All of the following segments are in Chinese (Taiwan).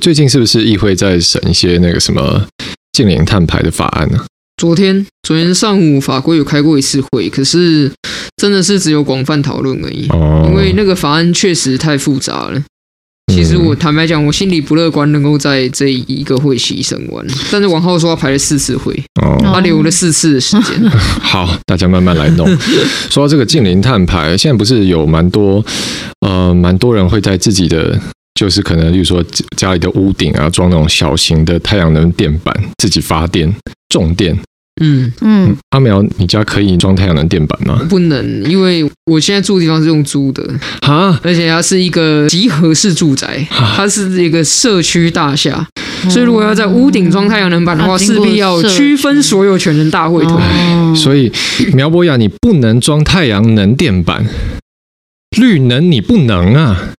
最近是不是議會在審一些那個什麼淨零碳排的法案呢、啊？昨天，昨天上午法國有開過一次會，可是真的是只有廣泛討論而已，哦、因為那個法案確實太複雜了。其實我坦白講，嗯、我心裡不樂觀，能夠在這一個會期審完，但是王浩說要排了四次會，哦、他留了四次的時間。哦、 好，大家慢慢來弄。 說到這個淨零碳排，現在不是有蠻多呃，蠻多人會在自己的。就是可能，例如說家裡的屋頂啊，裝那種小型的太陽能電板，自己發電、種電。嗯嗯。阿、嗯啊、苗，你家可以裝太陽能電板嗎？不能，因為我現在住的地方是用租的。哈？而且它是一個集合式住宅，它是一個社區大廈，哈所以如果要在屋頂裝太陽能板的話，勢、嗯、必要區分所有權人大會、哦。所以苗亞，苗博雅，你不能裝太陽能電板。綠能你不能啊！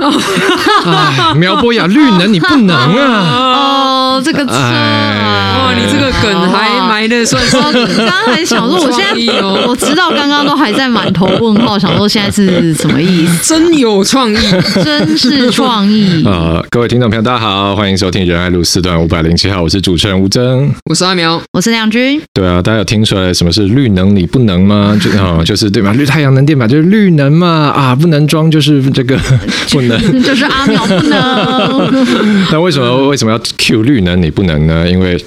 唉，苗博雅，綠能你不能啊！ 呃這個車啊，哇、哎哦！你這個梗還埋的算、哦哦，剛剛還想說，我現在我知道，剛剛都還在滿頭問號，我想說現在是什麼意思、啊？真有創意，真是創意呃、哦，各位聽眾朋友，大家好，歡迎收聽《仁愛路四段五百零七號》，我是主持人吳崢，我是阿苗，我是亮君。對啊，大家有聽出來什麼是綠能？你不能嗎？就、哦、就是對吧？綠太陽能電嘛，就是綠能嘛啊，不能裝就是這個不能就，就是阿苗不能。那 為什麼為什麼要 Q 綠？能，你不能呢？因為。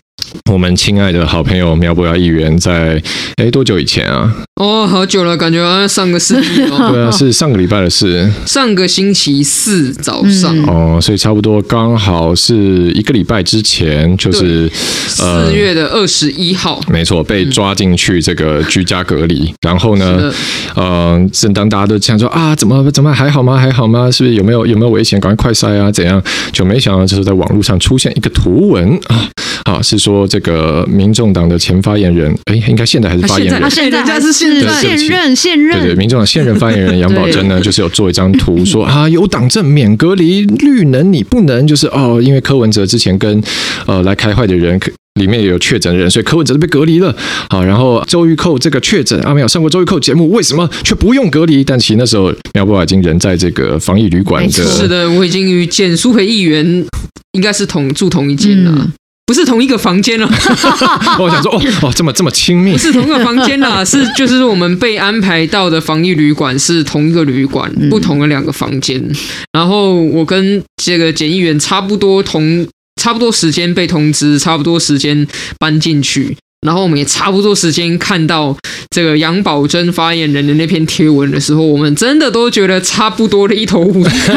我們親愛的好朋友苗博雅議員在哎多久以前啊？哦，好久了，感覺上個世紀哦。對啊，是上個禮拜的事。上個星期四早上。嗯、哦，所以差不多剛好是一個禮拜之前，就是四對、呃、月的二十一號，沒錯，被抓進去這個居家隔離。嗯、然後呢，嗯的、呃、正當大家都想說啊，怎麼怎麼還好嗎？還好嗎？是不是有沒有有沒有危險？趕快快塞啊？怎樣？就沒想到就是在網絡上出現一個圖文啊，好是說。說這個民眾黨的前發言人，哎，應該現在還是發言人。現在他、啊、是對現任、對，現任，現任，對對，民眾黨現任發言人楊寶珍呢，對就是有做一張圖說 啊，有黨政免隔離，綠能你不能就是哦，因為柯文哲之前跟呃來開會的人裡面也有確診的人，所以柯文哲被隔離了。好、啊，然後周玉蔻這個確診啊沒有上過周玉蔻節目，為什麼卻不用隔離？但其實那時候苗博雅已經人在這個防疫旅館。是的，我已經與簡舒培議員應該是同住同一間了。嗯不是同一個房間了，啊， 我想說，哦，哇，哦，這麼這麼親密，不是同一個房間啦，啊， 是就是我們被安排到的防疫旅館是同一個旅館，不同的兩個房間，然後我跟這個檢疫員差不多同差不多時間被通知，差不多時間搬進去。然後我們也差不多時間看到這個楊寶楨發言人的那篇貼文的時候，我們真的都覺得差不多的一頭霧水。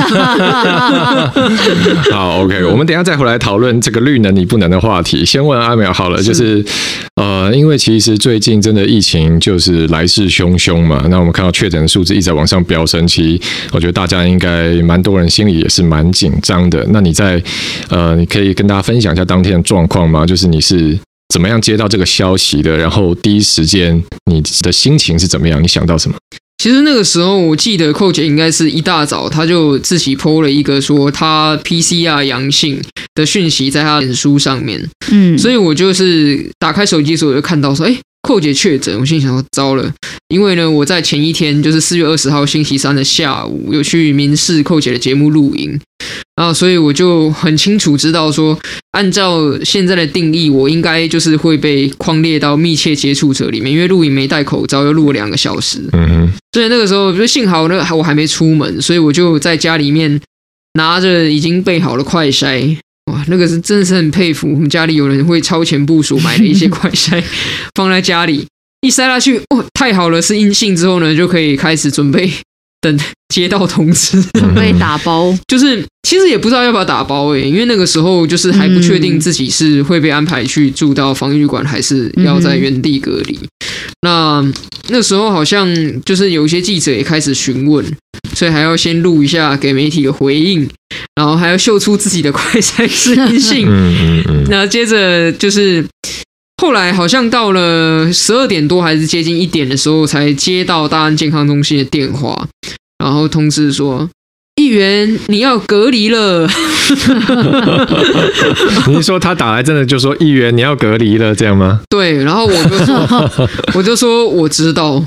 好，OK，我們等一下再回來討論這個「綠能你不能」的話題。先問阿苗好了，是就是呃，因為其實最近真的疫情就是來勢洶洶嘛，那我們看到確診的數字一直在往上飆升，其實，我覺得大家應該蠻多人心裡也是蠻緊張的。那你在呃，你可以跟大家分享一下當天的狀況嗎？就是你是。怎麼樣接到這個消息的？然後第一時間你的心情是怎麼樣？你想到什麼？其實那個時候，我記得寇姐應該是一大早，她就自己 PO 了一個說她 PCR 陽性的訊息在她臉書上面。嗯，所以我就是打開手機的時候我就看到說，哎。寇姐確診，我心想說糟了，因為呢，我在前一天，就是四月二十號星期三的下午，有去民視寇姐的節目錄影，然後所以我就很清楚知道說，按照現在的定義，我應該就是會被匡列到密切接觸者裡面，因為錄影沒戴口罩，又錄了兩個小時，嗯哼，所以那個時候，幸好呢，我還沒出門，所以我就在家裡面拿着已經備好了快篩。哇，那個是真的是很佩服，我們家裡有人會超前部署買了一些快篩， 放在家裡，一塞下去，哦，太好了，是陰性之後呢，就可以開始準備。等接到通知，準備打包，就是其實也不知道要不要打包哎、欸，因為那個時候就是還不確定自己是會被安排去住到防疫館，還是要在原地隔離。嗯嗯、那那時候好像就是有一些記者也開始詢問，所以還要先錄一下給媒體的回應，然後還要秀出自己的快閃適應性。那、嗯嗯嗯、 接着就是。後來好像到了十二點多，還是接近一點的時候，才接到大安健康中心的電話，然後通知說。議員，你要隔離了。 你是說他打來真的就說，議員你要隔離了這樣嗎？對，然後我就我就說我知道。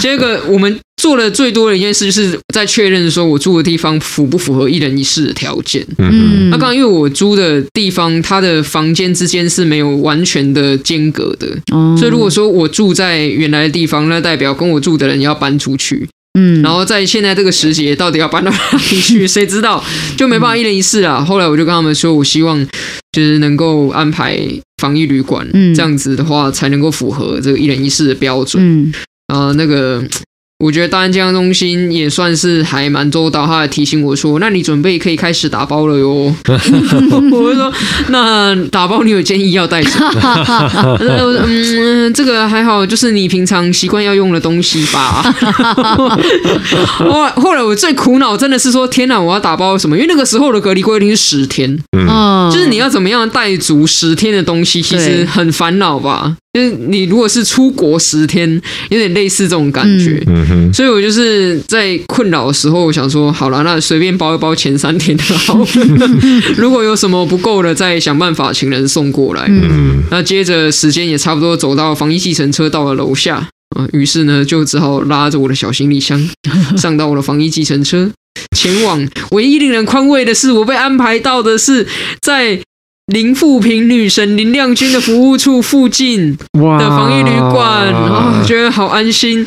結果我們做的最多的一件事就是在確認說，我住的地方符不符合一人一室的條件。嗯哼，那剛剛因為我租的地方，它的房間之間是沒有完全的間隔的，哦、所以如果說我住在原來的地方，那代表跟我住的人要搬出去。嗯，然後在現在這個時節，到底要搬到哪裡去？誰知道，就沒辦法一人一室啦。嗯、後來我就跟他們說，我希望就是能夠安排防疫旅館，嗯、這樣子的話才能夠符合這個一人一室的標準。嗯，然後、啊、那個。我覺得大安健康中心也算是還蠻周到，他還提醒我說：“那你準備可以開始打包了喲。 ”我說：“那打包你有建議要帶什麼？”他說：“嗯，這個還好，就是你平常習慣要用的東西吧。 ”我後來我最苦惱真的是說：“天哪，我要打包什麼？因為那個時候的隔離規定是十天，嗯，就是你要怎麼樣帶足十天的東西，其實很煩惱吧。”你如果是出國十天，有點類似這種感覺，嗯嗯嗯、所以我就是在困擾的時候，我想說，好了，那隨便包一包前三天的好， 如果有什麼不夠的，再想辦法請人送過來。嗯，那接着時間也差不多走到防疫計程車到了樓下，啊、於是呢就只好拉着我的小行李箱上到我的防疫計程車，前往。唯一令人寬慰的是，我被安排到的是在。林富平女神、林亮君的服務處附近的防疫旅館，哇啊，覺得好安心，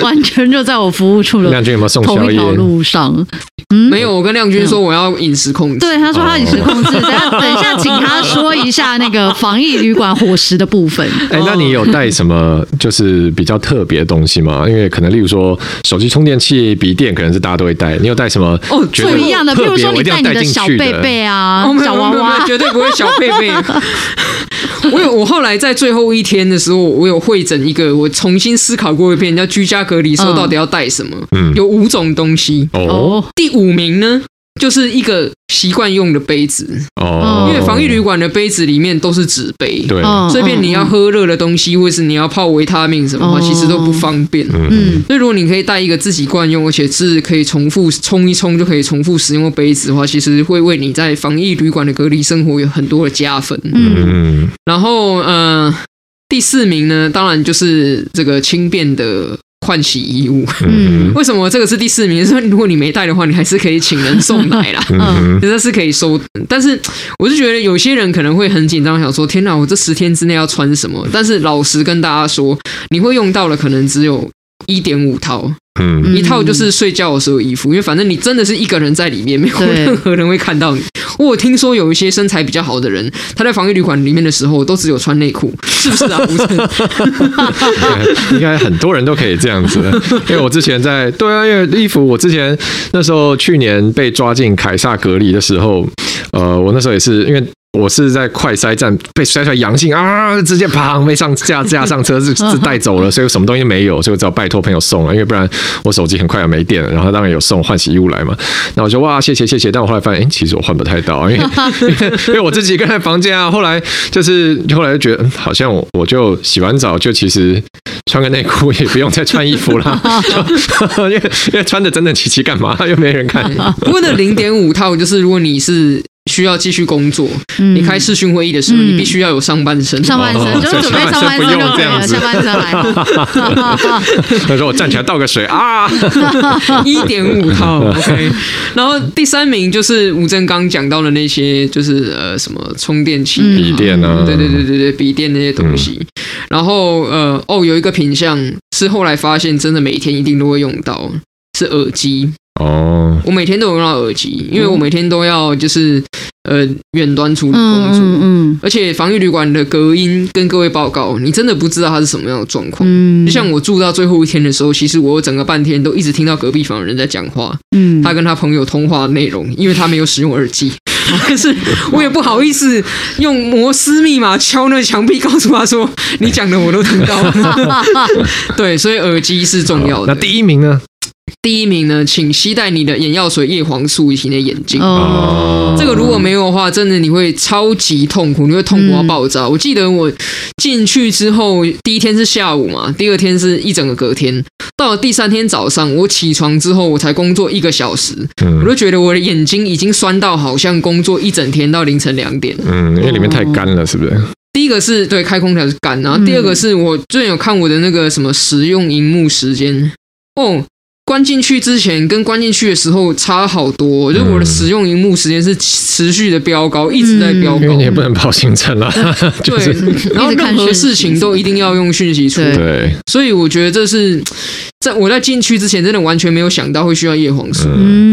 完全就在我服務處的同一條路上。亮君有沒有送小禮物？嗯，沒有，我跟亮君說我要飲食控制，對，他說他飲食控制。哦，等一下，等下，請他說一下那個防疫旅館伙食的部分。哎，哦欸，那你有帶什麼就是比較特別的東西嗎？因為可能，例如說手機充電器、筆電，可能是大家都會帶。你有帶什麼？哦，不一樣的，比如說你帶你的小貝貝啊。小娃娃嗯、不會，絕對不會小妹妹。 我有，我後來在最後一天的時候，我有彙整一個，我重新思考過一遍，叫居家隔離時候到底要帶什麼？嗯、有五種東西。哦，第五名呢？就是一個習慣用的杯子，oh。因為防疫旅館的杯子裡面都是紙杯。對，隨便你要喝熱的東西，oh。或是你要泡維他命什麼的話，oh。其實都不方便。嗯，所以如果你可以帶一個自己慣用，而且是可以重複沖一沖就可以重複使用的杯子的話，其實會為你在防疫旅館的隔離生活有很多的加分。嗯，然後呃，第四名呢，當然就是這個輕便的。換洗衣物，為什麼這個是第四名？說如果你沒帶的話，你還是可以請人送來啦，實是可以收。但是，我是覺得有些人可能會很緊張，想說：天哪，我這十天之內要穿什麼？但是，老實跟大家說，你會用到的可能只有一點五套。嗯，一套就是睡覺的時候衣服，因為反正你真的是一個人在裡面，沒有任何人會看到你。對我聽說有一些身材比較好的人，他在防疫旅館裡面的時候，都只有穿內褲，是不是啊？不是，應該很多人都可以這樣子，因為我之前在，對啊，因為衣服，我之前那時候去年被抓進凱撒隔離的時候，呃，我那時候也是因為。我是在快塞站，被塞出來陽性啊，直接啪，沒上架，架上車是是帶走了，所以什麼東西沒有，所以我只好拜托朋友送了，因為不然我手機很快要沒電了。然後他當然有送換洗衣物來嘛。那我就說哇，謝謝謝謝，但我後來發現，欸、其實我換不太到，因為因為我自己在房間啊。後來就是後來就覺得，嗯、好像我我就洗完澡就其實穿個內褲也不用再穿衣服了，因為因為穿的整整齊齊幹嘛？又沒人看。不過那零點五套就是，如果你是。需要繼續工作。你開視訊會議的時候，你必須要有上半身。上半身就準備上半身就可上半身來。他說：“我站起來倒個水啊。”一點五套，OK。然後第三名就是吳崢剛講到的那些，就是呃什麼充電器、筆電啊，對對對對對，筆電那些東西。然後呃哦，有一個品項是後來發現真的每天一定都會用到，是耳機。哦，我每天都有用到耳機，因為我每天都要就是呃遠端處理工作，嗯，嗯嗯，而且防疫旅館的隔音跟各位報告，你真的不知道它是什麼樣的狀況。嗯，就像我住到最後一天的時候，其實我整個半天都一直聽到隔壁房人在講話，嗯，他跟他朋友通話的內容，因為他沒有使用耳機，但 是我也不好意思用摩斯密碼敲那牆壁，告訴他說，你講的我都聽到了。 對，所以耳機是重要的。那第一名呢？第一名呢，請攜帶你的眼藥水、葉黃素以及你的眼鏡。哦，oh. 這個如果沒有的話，真的你會超級痛苦，你會痛苦到爆炸。嗯、我記得我進去之後，第一天是下午嘛，第二天是一整個隔天，到了第三天早上，我起床之後我才工作一個小時，嗯、我就覺得我的眼睛已經酸到好像工作一整天到凌晨兩點。嗯，因為裡面太乾了，是不是、哦？第一個是對開空調是乾、啊，然後、嗯、第二個是我最近有看我的那個什麼使用熒幕時間哦。Oh, 關進去之前跟關進去的時候差好多，就我的使用熒幕時間是持續的飆高，一直在飆高。因為你也不能跑行程了，對。然後任何事情都一定要用訊息處理。對。所以我覺得這是在我在進去之前真的完全沒有想到會需要葉黃素，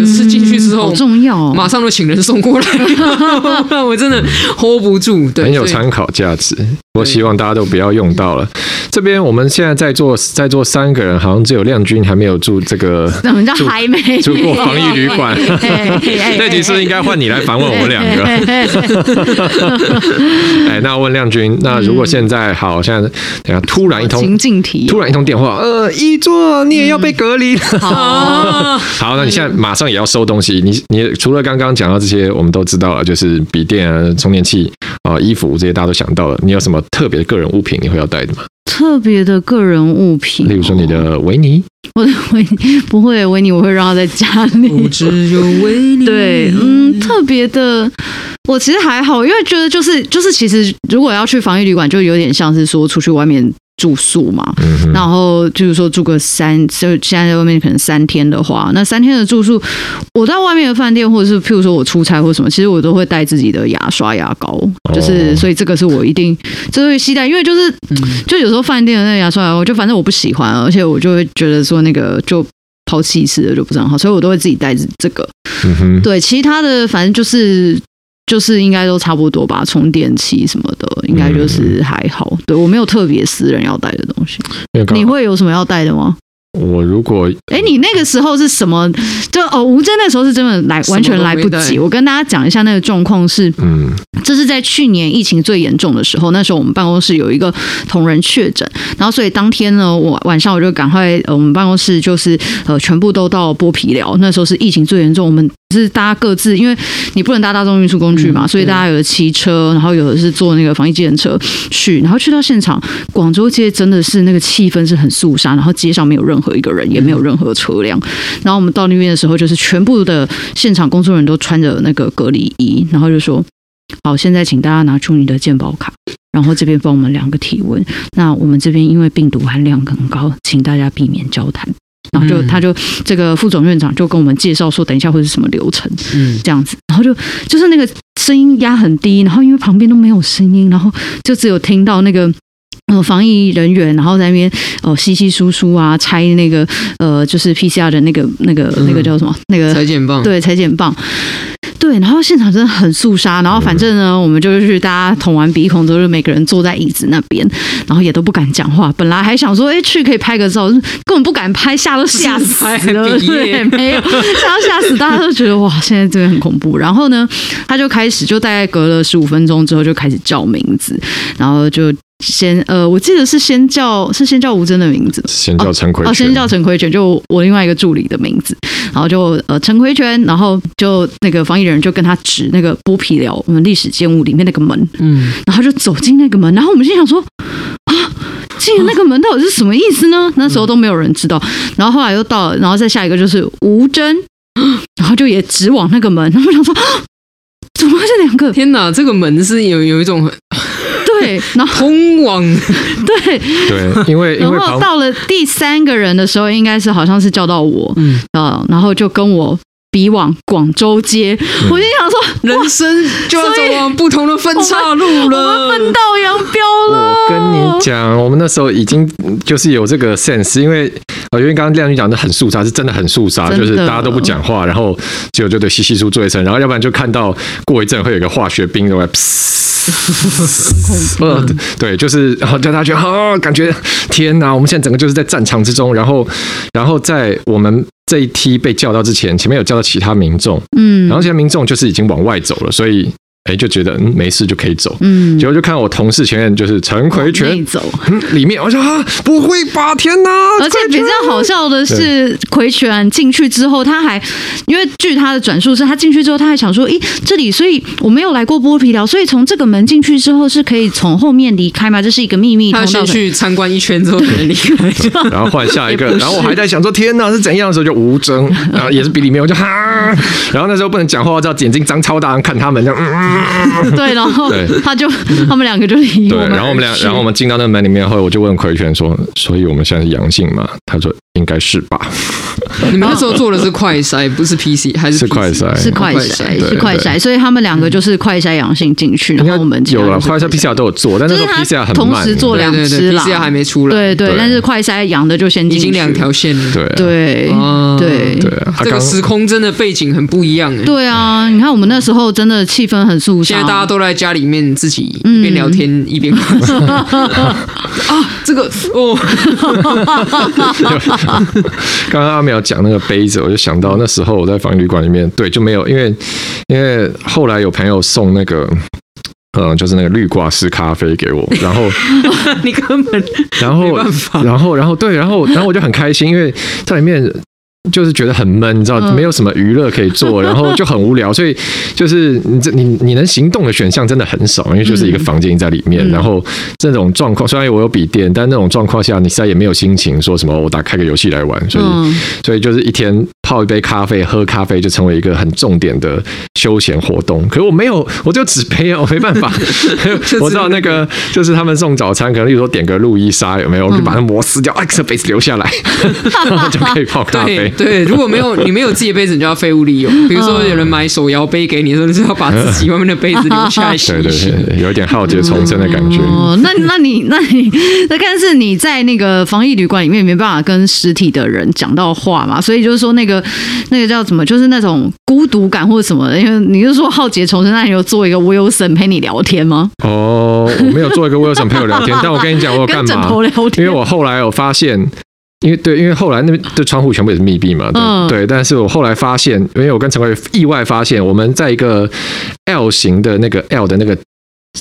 是進去之後好重要哦，馬上就請人送過來。我真的 hold 不住，對。很有參考價值，我希望大家都不要用到了。這邊我們現在在座在座三個人，好像只有亮君還沒有住這個。怎麼叫還沒住過防疫旅館？這題是不是應該換你來反問我們兩個？哎，那問亮君，那如果現在好像等下突然一通，突然一通電話，呃，一座你也要被隔離好，好，那你現在馬上也要收東西。你，你除了剛剛講到這些，我們都知道了，就是筆電啊、充電器啊、衣服這些，大家都想到了。你有什麼特別的個人物品你會要帶的嗎？特別的個人物品，例如說你的維尼，我的維尼不會維尼，我會讓他在家裡。只有維尼 對，嗯，特別的，我其實還好，因為覺得就是就是，其實如果要去防疫旅館，就有點像是說出去外面。住宿嘛，嗯、哼然後就是說住個三，就現在在外面可能三天的話，那三天的住宿，我在外面的飯店或者是譬如說我出差或什麼，其實我都會帶自己的牙刷牙膏，就是、哦、所以這個是我一定就會攜帶，因為就是、嗯、就有時候飯店的那個牙刷牙膏就反正我不喜歡，而且我就會覺得說那個就拋棄一次的就不是很好，所以我都會自己帶這個。嗯、哼對，其他的反正就是。就是應該都差不多吧，充電器什麼的，應該就是還好。嗯、對我沒有特別私人要帶的東西，那個、你會有什麼要帶的嗎？我如果……哎，你那個時候是什麼？就哦，吳崢那時候是真的來，完全來不及。我跟大家講一下那個狀況是，嗯，這是在去年疫情最嚴重的時候，那時候我們辦公室有一個同仁確診，然後所以當天呢，我晚上我就趕快，我們辦公室就是呃全部都到剝皮寮。那時候是疫情最嚴重，我們。是大家各自，因為你不能搭大眾運輸工具嘛，嗯、所以大家有的騎車，然後有的是坐那個防疫計程車去，然後去到現場，廣州街真的是那個氣氛是很肅殺，然後街上沒有任何一個人，也沒有任何車輛，嗯、然後我們到那邊的時候，就是全部的現場工作人員都穿着那個隔離衣，然後就說：“好，現在請大家拿出你的健保卡，然後這邊幫我們量個體溫。那我們這邊因為病毒含量很高，請大家避免交談。”嗯、就他就這個副總院長就跟我們介紹說，等一下會是什麼流程，嗯，這樣子。然後就就是那個聲音壓很低，然後因為旁邊都沒有聲音，然後就只有聽到那個呃防疫人員然後在那邊哦窸窸窣窣啊，拆那個呃就是 PCR 的那個那個那個叫什麼、嗯、那個採檢棒，對採檢棒。對，然後現場真的很肅殺，然後反正呢，我們就是大家捅完鼻孔之後就每個人坐在椅子那邊，然後也都不敢講話。本來還想說，哎，去可以拍個照，根本不敢拍，嚇都嚇死了，對，沒有，嚇到嚇死，大家都覺得哇，現在真的很恐怖。然後呢，他就開始，就大概隔了十五分鐘之後，就開始叫名字，然後就。先呃，我記得是先叫是先叫吳崢的名字，先叫陳奎，哦、啊，先叫陳奎全，就我另外一個助理的名字，然後就呃陳奎全，然後就那個防疫人就跟他指那個剝皮寮我們歷史建物裡面那個門，嗯，然後就走進那個門，然後我們心想說啊，這個那個門到底是什麼意思呢？那時候都沒有人知道，然後後來又到了，然後再下一個就是吳崢，然後就也指往那個門，然後我想說啊，怎麼會這兩個？天哪，這個門是有有一種很。對，然後通往對對， 對，因為然後到了第三個人的時候， 應該是好像是叫到我，嗯，然後就跟我。以往廣州街，我就想說，人生就要走往不同的分岔路了，分道揚鑣了。我跟你講，我們那時候已經就是有這個 sense，因為啊、呃，因為剛剛亮君講的很肅殺，是真的很肅殺，的就是大家都不講話，然後就就得西細書坐一聲，然後要不然就看到過一陣會有個化學兵，然後嘶，嗯，對，就是然後叫大家覺得啊，感覺天吶，我們現在整個就是在戰場之中，然後，然後在我們。這一梯被叫到之前，前面有叫到其他民眾，嗯，然後其他民眾就是已經往外走了，所以。哎、欸，就覺得嗯沒事就可以走，嗯，結果就看到我同事前面就是陳奎全走，嗯，裡面我說啊不會吧，啊，天吶。而且比較好笑的是，奎泉全進對去之後，他還因為據他的轉述是，他進去之後他還想說，誒，這裡，所以我沒有來過剝皮寮，所以從這個門進去之後是可以從後面離開嗎？這是一個秘密通道，他先去參觀一圈之後離開對， 然後換下一個，然後我還在想說，天吶，是怎樣的時候就吳崢，然，啊，後也是比裡面我就哈，啊， 然後那時候不能講話，就要眼睛張超大看他們這樣。嗯 對，然後他就對他們兩個就離我們而去。對，然後我們倆，然後我們進到那門裡面後，我就問奎權說：“所以我們現在是陽性嗎？”他說：“應該是吧？你們那時候做的是快篩，不是 P C，還是快篩？是快篩，是快篩。所以他們兩個就是快篩陽性進去，然後我們就有了快篩 P C R 都有做，但那時候 P C R 很慢，同時做兩只 P C R 還沒出來。對對，但是快篩陽的就先進，已經兩條線。對對對，這個時空真的背景很不一樣。對啊，你看我們那時候真的氣氛很肅殺，現在大家都在家裡面自己一邊聊天一邊工作啊。這個哦。剛剛阿苗有講那個杯子，我就想到那時候我在防疫旅館裡面，對，就沒有，因為因為後來有朋友送那個，嗯，就是那個濾掛式咖啡給我，然後 你根本沒辦法，然後然後然後對，然後然後我就很開心，因為在裡面。就是覺得很悶，你知道，沒有什麼娛樂可以做，然後就很無聊，所以就是你這你你能行動的選項真的很少，因為就是一個房間在裡面，然後這種狀況，雖然我有筆電，但那種狀況下，你實也沒有心情說什麼，我打開個遊戲來玩，所以所以就是一天泡一杯咖啡，喝咖啡就成為一個很重點的休閒活動。可是我沒有，我就只有紙杯啊，我沒辦法， 我知道那個就是他們送早餐，可能例如說點個路易莎有沒有，我就把它膜撕掉，XFace 留下來然後就可以泡咖啡。對，如果沒有你沒有自己的杯子，你就要廢物利用。比如說有人買手搖杯給你，真的是要把自己外面的杯子留下來洗一洗。對對對，有一點浩劫重生的感覺。哦、嗯，那你那你那你那但是你在那個防疫旅館裡面也沒辦法跟實體的人講到話嘛，所以就是說那個那個叫什麼，就是那種孤獨感或者什麼。因為你就說浩劫重生，那你有做一個 Wilson 陪你聊天嗎？哦，我沒有做一個 Wilson 陪你聊天， 但我跟你講我有幹嘛？因為我後來有發現。因為對，因為後來那邊的窗戶全部也是密閉嘛，對，嗯、對，但是我後來發現，因為我跟陳屍意外發現，我們在一個 L 型的那個 L 的那個。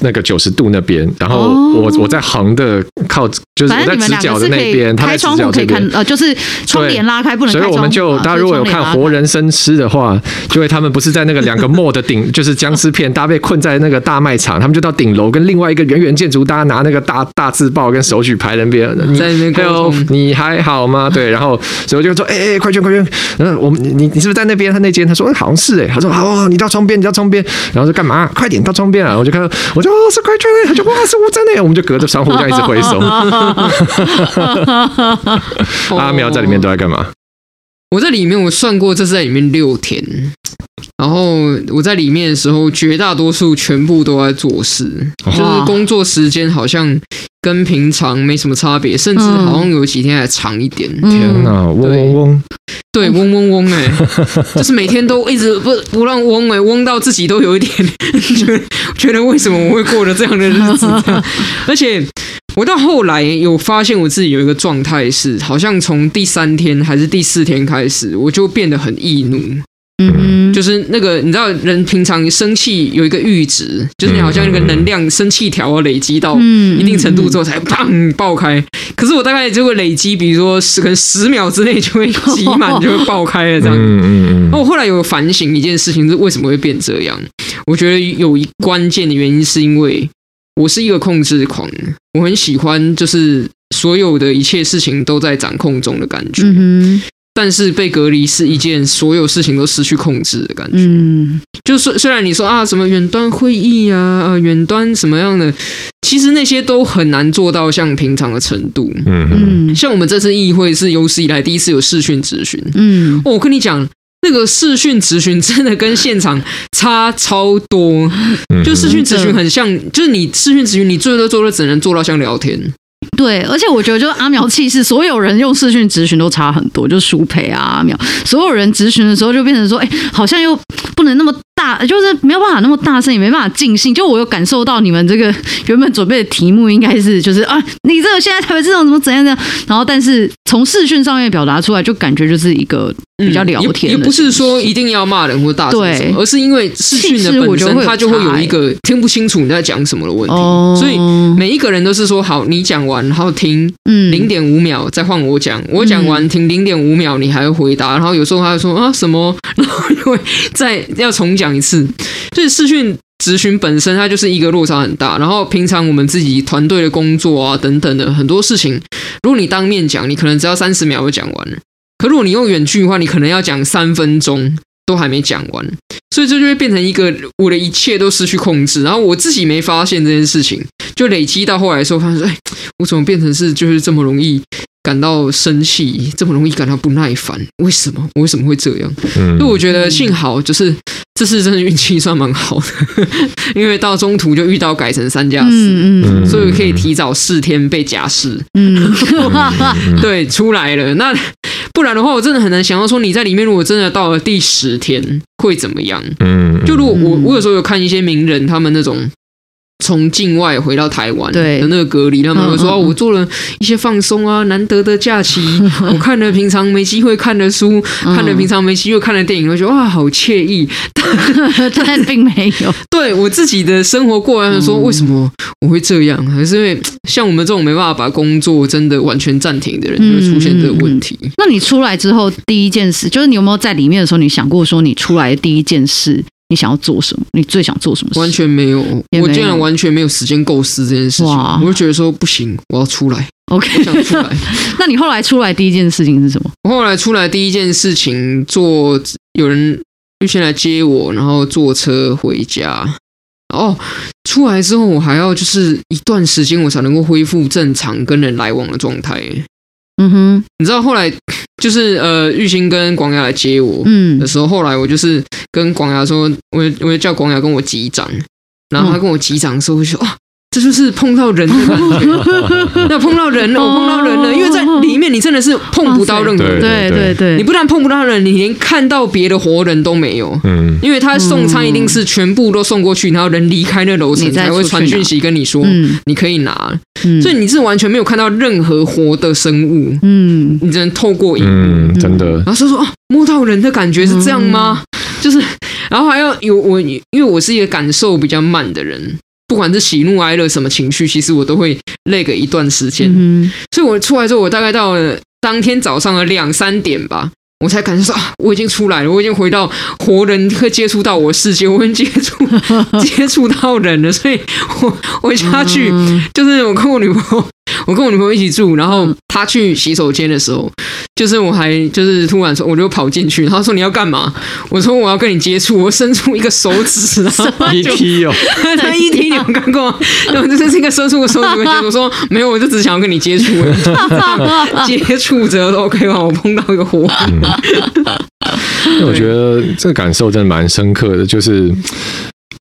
那個九十度那邊，然後我我在橫的靠，就是在直角的那邊，開窗戶可以看，呃，就是窗簾拉開不能，所以我們就大家如果有看活人生吃的話，因為他們不是在那個兩個墓的頂，就是僵屍片，搭，被困在那個大賣場，他們就到頂樓跟另外一個圓圓建築，大家拿那個大大字報跟手舉牌那邊，在那邊你還好嗎？對，然後所以我就說，哎哎，快去，快去，嗯，我們你你是不是在那邊？他那間，他說好像是哎，他說好，你到窗邊，你到窗邊，然後說幹嘛？快點到窗邊啊！我就看到我。他、哦、就哇是我真的，我們就隔着窗戶這樣一直揮手。阿苗在裡面都在幹嘛？我在裡面，我算過，這是在裡面六天。然後我在裡面的時候，絕大多數全部都在做事，oh. 就是工作時間好像。跟平常沒什麼差別，甚至好像有幾天還長一點。天哪、嗯對！嗡嗡嗡對，對，嗡嗡嗡、欸，哎， 就是每天都一直不不讓嗡哎、欸，嗡到自己都有一點覺得，覺得為什麼我會過着這樣的日子這樣？而且我到後來有發現我自己有一個狀態是，好像從第三天還是第四天開始，我就變得很易怒。嗯，嗯，就是那個你知道，人平常生氣有一個閾值，就是你好像那個能量生氣條要累積到一定程度之後才砰爆開。可是我大概就會累積，比如說可能十秒之內就會集滿，就會爆開了這樣。哦、嗯嗯那、嗯、我後來有反省一件事情，是為什麼會變這樣？我覺得有一關鍵的原因是因為我是一個控制狂，我很喜歡就是所有的一切事情都在掌控中的感覺。嗯，嗯，嗯，嗯，嗯，嗯但是被隔離是一件所有事情都失去控制的感覺。嗯，就是雖，雖然你說啊什麼遠端會議啊，呃遠端什麼樣的，其實那些都很難做到像平常的程度。嗯嗯哼，像我們這次議會是有史以來第一次有視訊質詢。嗯、哦，我跟你講，那個視訊質詢真的跟現場差超多。嗯、哼就視訊質詢很像，對 就是你視訊質詢，你最多最多只能做到像聊天。對，而且我覺得就是阿苗氣勢，所有人用視訊諮詢都差很多，就舒培啊阿苗，所有人諮詢的時候就變成說，哎，好像又不能那麼大，就是沒有辦法那麼大聲，也沒辦法盡興。就我有感受到你們這個原本準備的題目應該是就是啊，你這個現在台灣這種怎麼怎麼樣樣然後但是從視訊上面表達出來，就感覺就是一個。比較聊天，也不是說一定要罵人或大聲什麼。對而是因為視訊的本身，它就會有一個聽不清楚你在講什麼的問題。嗯、所以每一個人都是說好，你講完，然後停，嗯，零點五秒再換我講，我講完，嗯，停零點五秒，你還要回答。然後有時候他會說啊什麼，然後因為再要重講一次，所以視訊質詢本身它就是一個落差很大。然後平常我們自己團隊的工作啊等等的很多事情，如果你當面講，你可能只要三十秒就講完了。可如果你用遠距的話，你可能要講三分鐘都還沒講完，所以這就會變成一個我的一切都失去控制，然後我自己沒發現這件事情，就累積到後來的時候，發現說，哎，我怎麼變成是就是這麼容易感到生氣，這麼容易感到不耐煩，為什麼？我為什麼會這樣？因為、嗯、我覺得幸好就是這次真的運氣算蠻好的， 因為到中途就遇到改成三加四，嗯嗯，所以可以提早四天被假釋。嗯嗯、 對，出來了。那不然的話，我真的很難想到說你在裡面如果真的到了第十天會怎麼樣。嗯，就如果我我有時候有看一些名人他們那種。從境外回到台灣，對那個隔離，他們會說、嗯嗯啊：“我做了一些放鬆啊，難得的假期，我看了平常沒機會看的書，嗯、看了平常沒機會看的電影，我覺得哇，好愜意。但”但並沒有。對我自己的生活過來來說，說，嗯、為什麼我會這樣？還是因為像我們這種沒辦法把工作真的完全暫停的人，嗯、會出現這個問題、嗯。那你出來之後，第一件事就是你有沒有在裡面的時候，你想過說你出來的第一件事？你想要做什麼？你最想做什麼？完全沒有，我竟然完全沒有時間構思這件事情。哇我就覺得說不行，我要出來。OK，我想出來。 那你後來出來第一件事情是什麼？我後來出來第一件事情，坐有人就先來接我，然後坐車回家。哦，出來之後，我還要就是一段時間，我才能夠恢復正常跟人來往的狀態。嗯哼，你知道後來就是呃，玉清跟廣雅來接我，嗯的時候，嗯、後來我就是跟廣雅說，我我就叫廣雅跟我擊掌，然後他跟我擊掌的時候我就，我說、嗯。這就是碰到人的感覺，那碰到人了，我碰到人了，因為在裡面你真的是碰不到任何人。對對對，你不但碰不到人，你連看到別的活人都沒有。嗯，因為他送餐一定是全部都送過去，然後人離開那樓層才會傳訊息跟你說，你可以拿。所以你是完全沒有看到任何活的生物。嗯，你只能透過影。嗯，真的。然後說說哦，摸到人的感覺是這樣嗎？就是，然後還要有我，因為我是一個感受比較慢的人。不管是喜怒哀樂什麼情緒，其實我都會累個一段時間。嗯，所以我出來之後，我大概到了當天早上的兩三點吧，我才感覺說、啊、我已經出來了，我已經回到活人，會接觸到我世界，我已經接觸接觸到人了。所以我，我我下去、嗯、就是我跟我女朋友。我跟我女朋友一起住，然後她去洗手間的時候，就是我還就是突然說，我就跑進去。她說你要幹嘛？我說我要跟你接觸，我伸出一個手指啊。一提哦， 她一提你有看過嗎？然後我就是這個伸出個手指，我說沒有，我就只想要跟你接觸。 接觸着都可、OK、以吧？我碰到一個火。那、嗯、我覺得這個感受真的蠻深刻的，就是。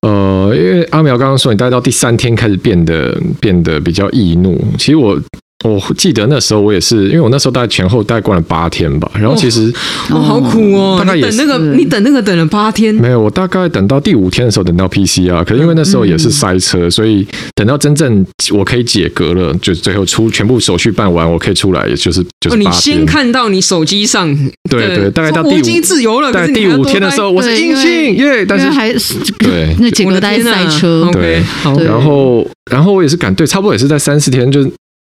呃，因為阿苗剛剛說，你大概到第三天開始變得變得比較易怒，其實我。我記得那時候我也是，因為我那時候大概前後待過了八天吧。然後其實我好苦哦，大概等那個你等那個等了八天，沒有，我大概等到第五天的時候，等到 PCR。可是因為那時候也是塞車，所以等到真正我可以解隔了，就最後出全部手續辦完，我可以出來，也就是就是八天。你先看到你手機上對對，大概到第五天自由了。第五天的時候，我是陰性。耶，但是還是對那前後待塞車對，然後然後我也是趕對，差不多也是在三四天就。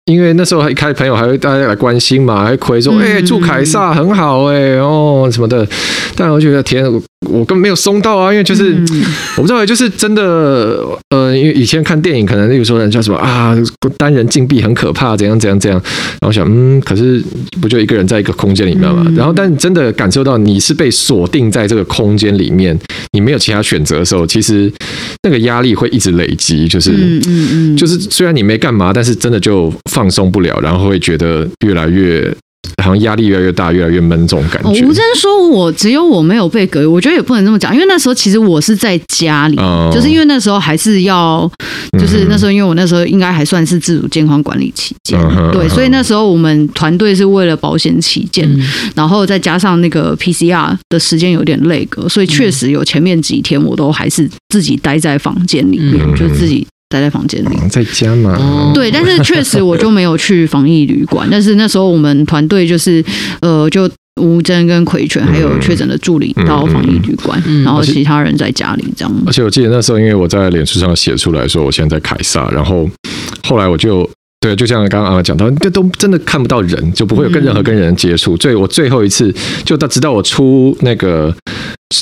因為那時候還一開始朋友還會大家來關心嘛，還會回說哎，住凱撒很好哎、欸、哦什麼的，但我就覺得天我，我根本沒有鬆到啊，因為就是、嗯、我不知道，就是真的，呃，因為以前看電影可能例如說人叫什麼啊，單人禁閉很可怕，怎樣怎樣怎樣，然後想嗯，可是不就一個人在一個空間裡面嘛，然後但真的感受到你是被鎖定在這個空間裡面，你沒有其他選擇的時候，其實。那個壓力會一直累積，就是，嗯嗯嗯、就是雖然你沒幹嘛，但是真的就放鬆不了，然後會覺得越來越。好像壓力越來越大，越來越悶這種感覺。吳崢說：“我，說我只有我沒有被隔離，我覺得也不能這麼講，因為那時候其實我是在家裡，oh. 就是因為那時候還是要，就是那時候因為我那時候應該還算是自主健康管理期間，oh. 對，oh. 所以那時候我們團隊是為了保險起見，oh. 然後再加上那個 PCR 的時間有點累格，所以確實有前面幾天我都還是自己待在房間裡面，oh. 就是自己。”待在房間裡，嗯，在家嘛。對，但是確實我就沒有去防疫旅館。 但是那時候我們團隊就是，呃，就吳崢跟奎權還有確診的助理到防疫旅館，嗯嗯嗯，然後其他人在家裡這樣。而且，而且我記得那時候，因為我在臉書上寫出來說，我現在在凱撒。然後後來我就對，就像剛剛講到，這都真的看不到人，就不會有跟任何跟人接觸。最，嗯，我最後一次就到，直到我出那個。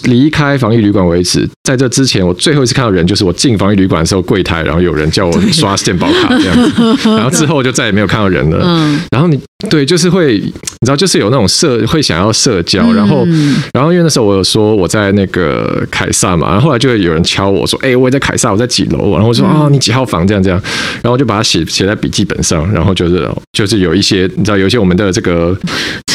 離開防疫旅館為止，在這之前，我最後一次看到人就是我進防疫旅館的時候，櫃台然後有人叫我刷健保卡這樣子，對 然後之後就再也沒有看到人了。嗯、然後你對，就是會，你知道，就是有那種社，會想要社交，然後，嗯、然後因為那時候我有說我在那個凱撒嘛，然後後來就會有人敲我，我說，哎、欸，我也在凱撒，我在幾樓，然後我說、嗯、啊，你幾號房這樣這樣，然後我就把它寫寫在筆記本上，然後就是就是有一些，你知道，有一些我們的這個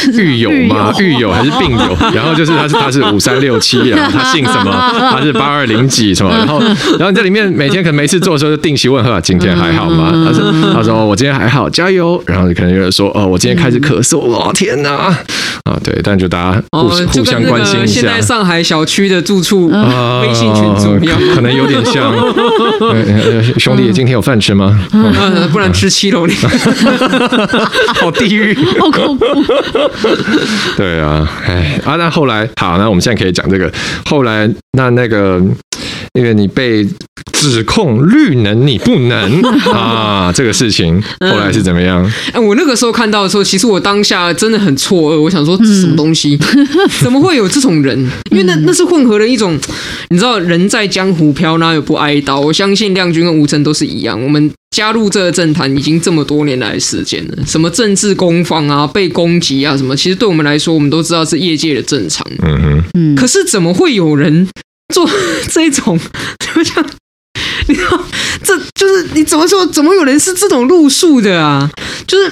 獄友嘛，獄友還是病友， 然後就是他是他是五三六。七啊，他姓什麼？他是八二零幾什麼，然後，然後你在裡面每天可能每次做的時候就定期問呵，今天還好嗎？他說，他說我今天還好，加油。然後你可能就說，哦，我今天開始咳嗽，了，哦，天哪，啊，啊對，但就大家互，哦那個，互相關心一下。現在上海小區的住處，哦，微信群組一樣，可能有點像。 兄弟，今天有飯吃嗎？不然吃七樓。好地獄，好，哦，恐怖。對啊，哎，啊那後來好，那我們現在可以講。那個後來那那個，因為你被指控綠能，你不能啊，這個事情後來是怎麼樣？哎、嗯嗯，我那個時候看到的時候，其實我當下真的很錯愕，我想說，這什麼東西，嗯、怎麼會有這種人？嗯、因為那那是混合了一種，你知道人在江湖飄，哪有不挨刀？我相信亮君跟吳崢都是一樣，我們加入這個政壇已經這麼多年來的時間了，什麼政治攻防啊，被攻擊啊，什麼，其實對我們來說，我們都知道是業界的正常。嗯哼，嗯，可是怎麼會有人？做這種，怎麼講，你知道，這就是你怎麼說？怎麼有人是這種路數的啊？就是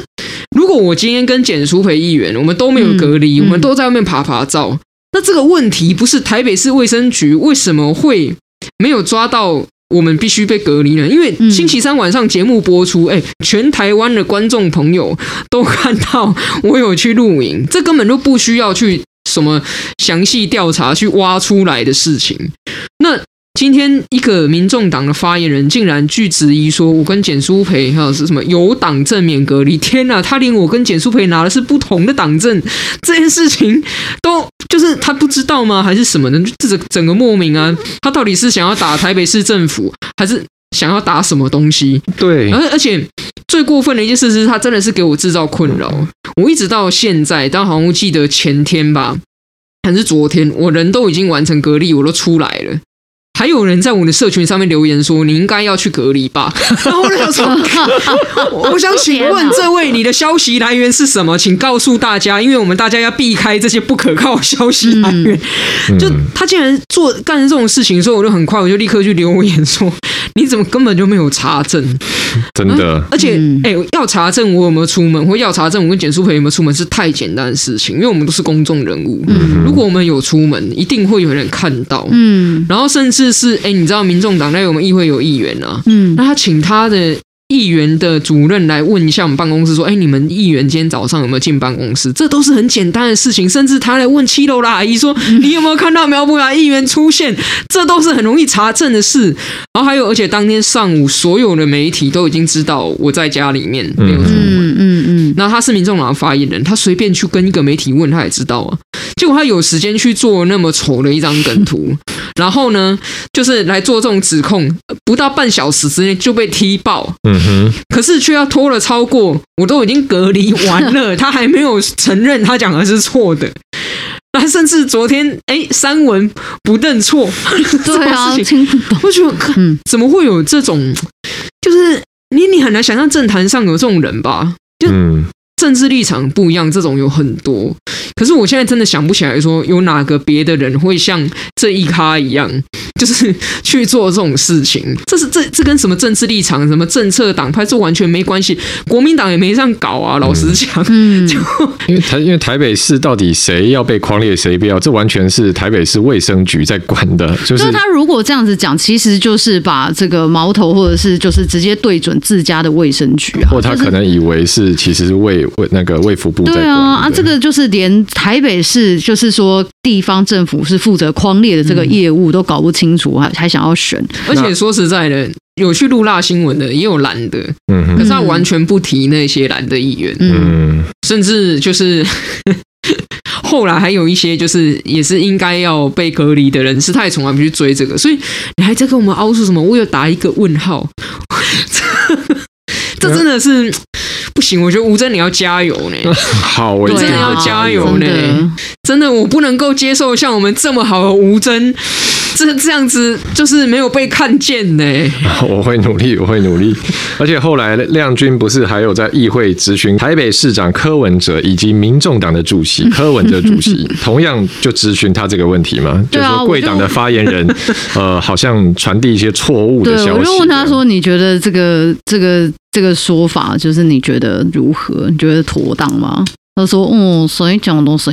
如果我今天跟簡舒培議員，我們都沒有隔離，嗯、我們都在外面爬爬照，嗯、那這個問題不是台北市衛生局為什麼會沒有抓到我們必須被隔離呢？因為星期三晚上節目播出，哎、欸，全台灣的觀眾朋友都看到我有去露營，這根本就不需要去。什麼詳細調查去挖出來的事情？那今天一個民眾黨的發言人竟然去質疑說：“我跟簡舒培哈是什麼有黨證免隔離？”天哪、啊！他連我跟簡舒培拿的是不同的黨證，這件事情，都就是他不知道嗎？還是什麼呢？這整個莫名啊！他到底是想要打台北市政府，還是想要打什麼東西？對，而而且。最過分的一件事是，他真的是給我製造困擾。我一直到現在，到好像記得前天吧，還是昨天，我人都已經完成隔離，我都出來了。還有人在我的社群上面留言說：“你應該要去隔離吧。” 我想請問這位，你的消息來源是什麼？請告訴大家，因為我們大家要避開這些不可靠的消息來源。就他竟然做幹這種事情，所以我就很快，我就立刻去留言說：“你怎麼根本就沒有查證？”真的，而且，哎，要查證我有沒有出門，或要查證我跟簡舒培有沒有出門，是太簡單的事情，因為我們都是公眾人物。如果我們有出門，一定會有人看到。嗯，然後甚至。是哎，你知道民眾黨在我們議會有議員呢、啊，嗯，那他請他的議員的主任來問一下我們辦公室，說：“哎、欸，你們議員今天早上有沒有進辦公室？”這都是很簡單的事情。甚至他來問七樓阿姨說：“你有沒有看到苗博雅議員出現？”這都是很容易查證的事。然後還有，而且當天上午所有的媒體都已經知道我在家裡面沒有出門。嗯嗯嗯，那他是民眾黨發言人，他隨便去跟一個媒體問，他也知道啊。結果他有時間去做那麼醜的一張梗圖，嗯、然後呢，就是來做這種指控，不到半小時之內就被踢爆。嗯。可是卻要拖了超過，我都已經隔離完了，他還沒有承認他講的是錯的。那甚至昨天，哎、欸，三文不認錯，對啊，聽不懂，為什麼？我覺得怎麼會有這種？嗯、就是你，你很難想象政壇上有這種人吧？就嗯。政治立場不一樣，這種有很多。可是我現在真的想不起來說，說有哪個別的人會像這一咖一樣，就是去做這種事情。這是這這跟什麼政治立場、什麼政策、黨派，這完全沒關係。國民黨也沒這樣搞啊，老實講。嗯。就因為台因為台北市到底誰要被匡列，誰不要，這完全是台北市衛生局在管的。就是，就是他如果這樣子講，其實就是把這個矛頭或者是就是直接對準自家的衛生局啊。就是，或者他可能以為是其實是衛。為那個衛福部。對啊啊，這個就是連台北市，就是說地方政府是負責匡列的這個業務都搞不清楚，還、嗯、還想要選，而且說實在的，那有去錄辣新聞的，也有藍的，嗯哼，可是他完全不提那些藍的議員，嗯，嗯甚至就是呵呵後來還有一些就是也是應該要被隔離的人，是他也從來不去追這個，所以你還在跟我們凹出什麼？我有打一個問號， 這，這真的是。嗯不行，我覺得吳崢你要加油呢、欸。 好件，你真的要加油呢、欸啊。真的，真的我不能夠接受像我們這麼好的吳崢。這這樣子就是沒有被看見呢。 我會努力，我會努力。而且後來亮君不是還有在議會質詢台北市長柯文哲以及民眾黨的主席柯文哲主席，同樣就質詢他這個問題嗎？就是說貴黨的發言人，呃，好像傳遞一些錯誤的消息。 對，我就問他說：“你覺得這個、這個、這個說法，就是你覺得如何？你覺得妥當嗎？”說哦，誰講的誰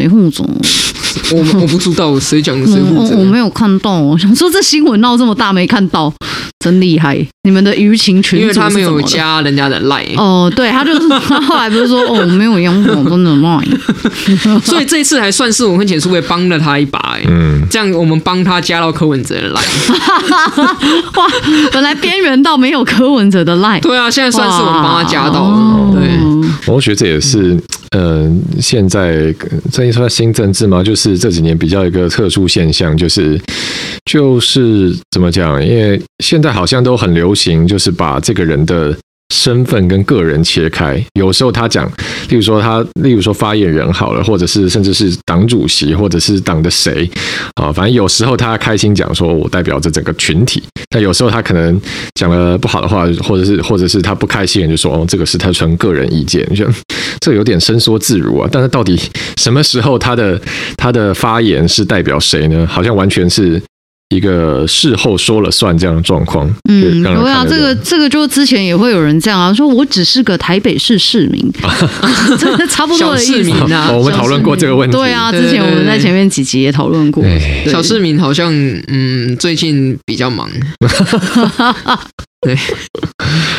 護着？我我不知道誰講的誰護着。我沒有看到，我想說這新聞鬧這麼大，沒看到，真厲害！你們的輿情群是因為他沒有加人家的賴。哦、呃，對，他就是他後來不是說 哦，我沒有用網絡的賴。所以這一次還算是我跟前叔也幫了他一把，欸，嗯，這樣我們幫他加到柯文哲的賴。 哇，本來邊緣到沒有柯文哲的賴，對啊，現在算是我們幫他加到了。哇對，我覺得這也是。嗯、呃，現在這一說新政治嘛，就是這幾年比較一個特殊現象，就是就是怎麼講？因為現在好像都很流行，就是把這個人的。身份跟個人切開，有時候他講，例如說他，例如說發言人好了，或者是甚至是黨主席，或者是黨的誰啊，反正有時候他開心講說，我代表這整個群體；那有時候他可能講了不好的話，或者是或者是他不開心，就說哦，這個是他純個人意見，你覺得這有點伸縮自如啊。但是到底什麼時候他的他的發言是代表誰呢？好像完全是。一個事後說了算這樣的狀況，嗯，對啊，這，樣這個這個就之前也會有人這樣啊，說我只是個台北市市民， 真的差不多的意思市民啊。民哦、我們討論過這個問題，對啊，之前我們在前面幾集也討論過，小市民好像嗯最近比較忙。 對，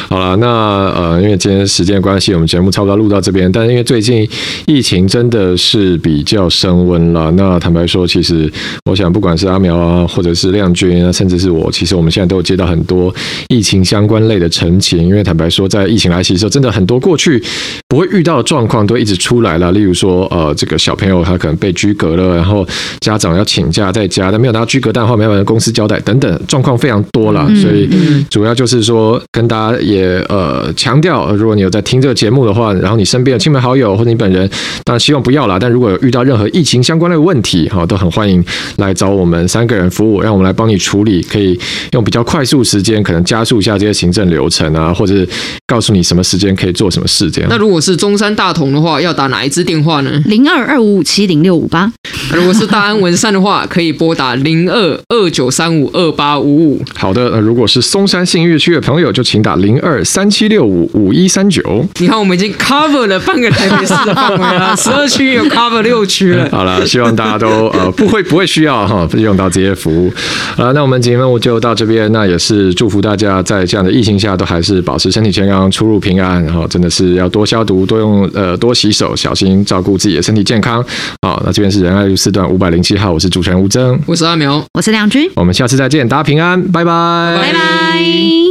好了，那呃，因為今天時間關係，我們節目差不多錄到這邊。但是因為最近疫情真的是比較升溫了，那坦白說，其實我想，不管是阿苗啊，或者是亮君啊，甚至是我，其實我們現在都有接到很多疫情相關類的陳情。因為坦白說，在疫情來襲的時候，真的很多過去不會遇到的狀況都一直出來了。例如說，呃，這個小朋友他可能被居隔了，然後家長要請假在家，但沒有拿到居隔單的話，沒辦法跟公司交代，等等狀況非常多了。所以主要就是。是說跟大家也呃強調，如果你有在聽這個節目的話，然後你身邊的親朋好友或者你本人，當然希望不要啦。但如果遇到任何疫情相關的問題，哈，都很歡迎來找我們三個人服務，讓我們來幫你處理，可以用比較快速時間，可能加速一下這些行政流程啊，或者是告訴你什麼時間可以做什麼事這樣。那如果是中山大同的話，要打哪一支電話呢？零二二五五七零六五八。 如果是大安文山的話，可以撥打零二二九三五二八五五。好的，呃，如果是松山信義。區的朋友就請打零二三七六五五一三九。你看，我們已經 cover 了半個台北市的範圍了，十二區有 cover 六區了。 好了，希望大家都呃不會不會需要哈，用到這些服務。啊，那我們今天任務就到這邊，那也是祝福大家在這樣的疫情下都還是保持身體健康，出入平安。然後真的是要多消毒，多用呃多洗手，小心照顧自己的身體健康。好，那這邊是仁愛路四段五百零七號，我是主持人吳崢，秒我是阿苗，我是亮君，我們下次再見，大家平安，拜拜，拜拜。